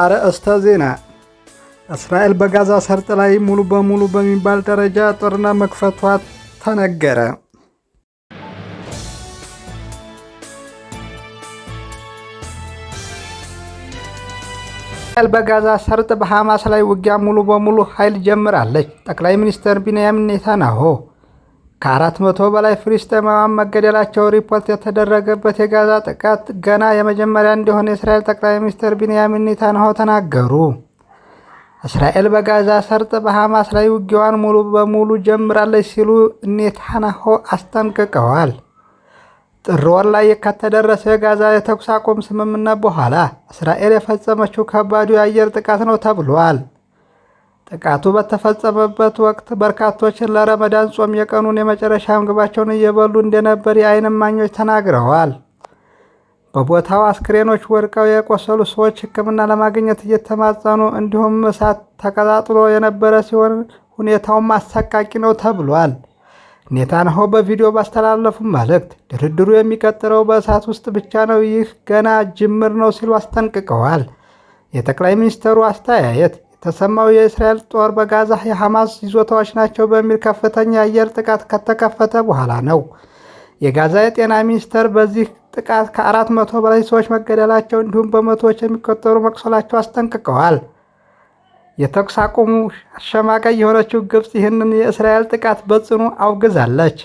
አርእስተ ዜና እስራኤል በጋዛ ሰርጥ ላይ ሙሉ በሙሉ በሚባል ደረጃ ጦርነት መክፈቷ ተነገረ። እስራኤል በጋዛ ሰርጥ በሐማስ ላይ ውጊያ ሙሉ በሙሉ ኃይል ጀምራለች። ጠቅላይ ሚኒስትር ቢንያሚን ኔታንያሁ ከአራት መቶ በላይ ፍልስጤማውያን መገደላቸው ሪፖርት የተደረገበት የጋዛ ጥቃት ገና የመጀመሪያ እንዲሆን የእስራኤል ጠቅላይ ሚኒስትር ቢንያሚን ኔታንያሁ ተናገሩ። እስራኤል በጋዛ ሰርጥ በሐማስ ላይ ውጊያዋን ሙሉ በሙሉ ጀምራለች ሲሉ ኔታንያሁ አስጠንቅቀዋል። ጥር ወር ላይ ከተደረሰው የጋዛ የተኩስ አቁም ስምምነት በኋላ እስራኤል የፈጸመችው ከባዱ የአየር ጥቃት ነው ተብሏል። ጥቃቱ በተፈጸመበት ወቅት በርካቶችን ለረመዳን ጾም የቀኑን የመጨረሻ ምግባቸውን እየበሉ እንደነበር የዓይን እማኞች ተናግረዋል። በቦታው አስክሬኖች ወድቀው የቆሰሉ ሰዎች ሕክምና ለማግኘት እየተማጸኑ እንዲሁም እሳት ተቀጣጥሎ የነበረ ሲሆን ሁኔታውም አሰቃቂ ነው ተብሏል። ኔታንያሁ በቪዲዮ ባስተላለፉ መልእክት ድርድሩ የሚቀጥለው በእሳት ውስጥ ብቻ ነው፣ ይህ ገና ጅምር ነው ሲሉ አስጠንቅቀዋል። የጠቅላይ ሚኒስትሩ አስተያየት ተሰማው የእስራኤል ጦር በጋዛ የሐማስ ይዞታዎች ናቸው በሚል ከፍተኛ የአየር ጥቃት ከተከፈተ በኋላ ነው። የጋዛ የጤና ሚኒስቴር በዚህ ጥቃት ከአራት መቶ በላይ ሰዎች መገደላቸው እንዲሁም በመቶዎች የሚቆጠሩ መቁሰላቸው አስጠንቅቀዋል። የተኩስ አቁሙ አሸማቀይ የሆነችው ግብፅ ይህንን የእስራኤል ጥቃት በጽኑ አውግዛለች።